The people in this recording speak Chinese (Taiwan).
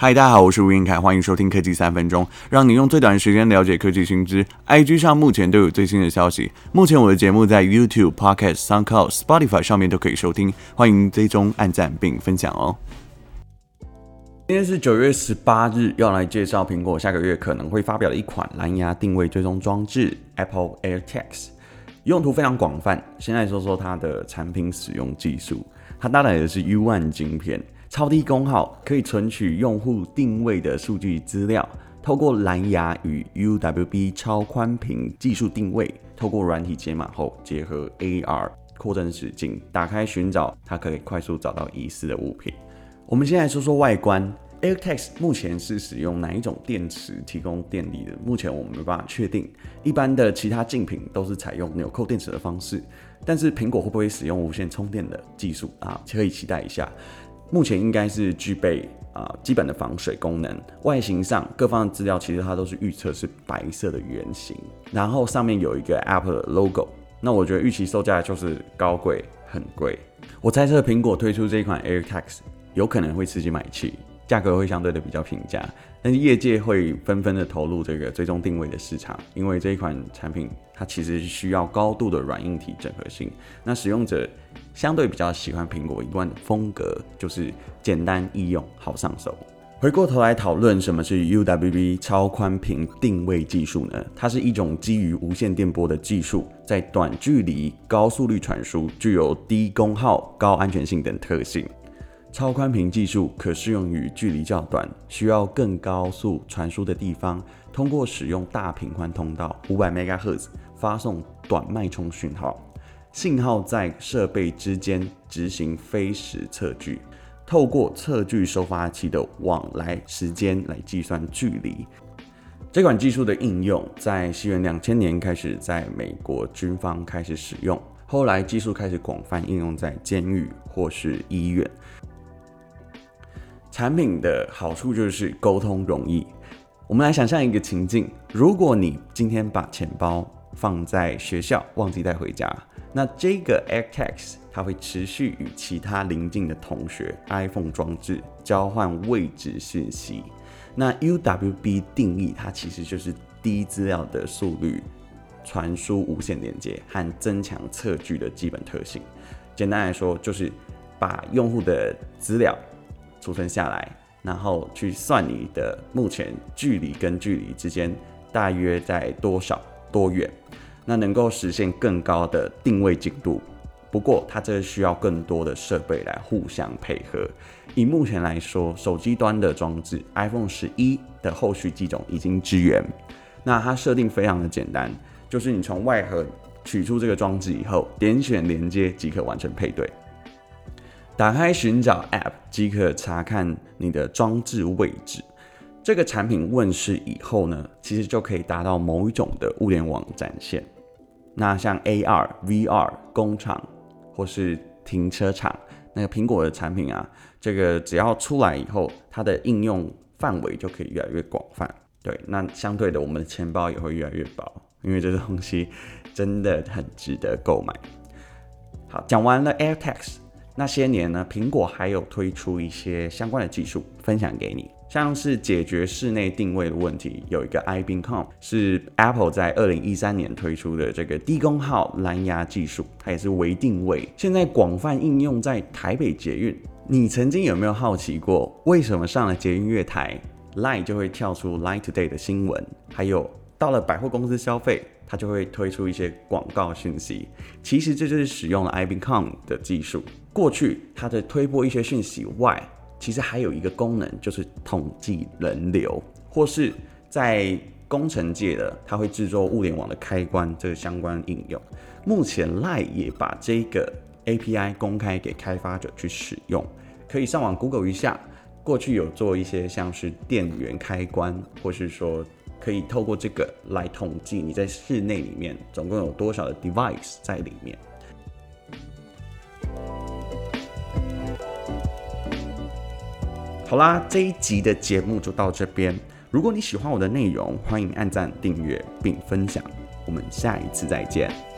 嗨，大家好，我是吳晏愷，歡迎收聽科技三分鐘，讓你用最短的時間了解科技新知。IG 上目前都有最新的消息。目前我的節目在 YouTube、Podcast、SoundCloud、Spotify 上面都可以收聽，歡迎追蹤、按讚並分享哦。今天是九月十八日，要來介紹蘋果下個月可能會發表的一款藍牙定位追蹤裝置 Apple AirTags，用途非常廣泛。先來說說它的產品使用技術，它搭載的是 U1 晶片。超低功耗，可以存取用戶定位的數據資料。透過藍牙與 UWB 超寬頻技術定位，透過軟體解碼後，結合 AR 擴增實境，打開尋找，它可以快速找到遺失的物品。我們先來說說外觀。AirTag 目前是使用哪一種電池提供電力的？目前我們沒辦法確定。一般的其他競品都是採用紐扣電池的方式，但是蘋果會不會使用無線充電的技術啊？可以期待一下。目前應該是具備啊、呃、基本的防水功能，外形上各方的資料其實它都是預測是白色的圓形，然後上面有一個 Apple 的 logo。那我覺得預期售價就是高貴，很貴。我猜測蘋果推出這一款 AirTags 有可能會刺激買氣。價格會相對的比較平價，但是業界會紛紛的投入這個追蹤定位的市場，因為這一款產品它其實需要高度的軟硬體整合性。那使用者相對比較喜歡蘋果一貫的風格，就是簡單易用、好上手。回過頭來討論什麼是 UWB 超寬頻定位技術呢？它是一種基於無線電波的技術，在短距離高速率傳輸，具有低功耗、高安全性等特性。超寬頻技術可適用於距離較短、需要更高速傳輸的地方。通過使用大頻寬通道 （500MHz），發送短脈衝訊號，信號在設備之間執行飛時測距，透過測距收發器的往來時間來計算距離。這款技術的應用在西元2000年開始在美國軍方開始使用，後來技術開始廣泛應用在監獄或是醫院。產品的好處就是溝通容易。我們來想象一個情境：如果你今天把錢包放在學校，忘記帶回家，那這個 AirTags 它會持續與其他鄰近的同學 iPhone 裝置交換位置信息。那 UWB 定義它其實就是低資料的速率傳輸、無線連接和增強測距的基本特性。簡單來說，就是把用戶的資料，儲存下來，然後去算你的目前距離跟距離之間大約在多少多遠，那能夠實現更高的定位精度。不過它這需要更多的設備來互相配合。以目前來說，手機端的裝置，iPhone 11的後續機種已經支援。那它設定非常的簡單，就是你從外盒取出這個裝置以後，點選連接即可完成配對。打開尋找 App 即可查看你的裝置位置。這個產品問世以後呢，其實就可以達到某一種的物聯網展現。那像 AR、VR、工廠或是停車場，那個蘋果的產品啊，這個只要出來以後，它的應用範圍就可以越來越廣泛。對，那相對的，我們的錢包也會越來越薄，因為這個東西真的很值得購買。好，講完了 AirTags。那些年呢，蘋果還有推出一些相關的技術分享給你，像是解決室內定位的問題，有一個 iBeacon，是 Apple 在二零一三年推出的這個低功耗藍牙技術，它也是微定位，現在廣泛應用在台北捷運。你曾經有沒有好奇過，為什麼上了捷運月台，Line 就會跳出 Line Today 的新聞，還有，到了百貨公司消費，它就會推出一些廣告信息。其實這就是使用了 iBeacon 的技術。過去，它的推播一些信息外，其實還有一個功能，就是統計人流，或是在工程界的，它會製作物聯網的開關這個相關應用。目前 Line 也把這個 API 公開給開發者去使用，可以上網 Google 一下。過去有做一些像是電源開關，或是說。可以透過這個來統計你在室內裡面總共有多少的 device 在裡面。好啦，這一集的節目就到這邊。如果你喜歡我的內容，歡迎按讚、訂閱並分享。我們下一次再見。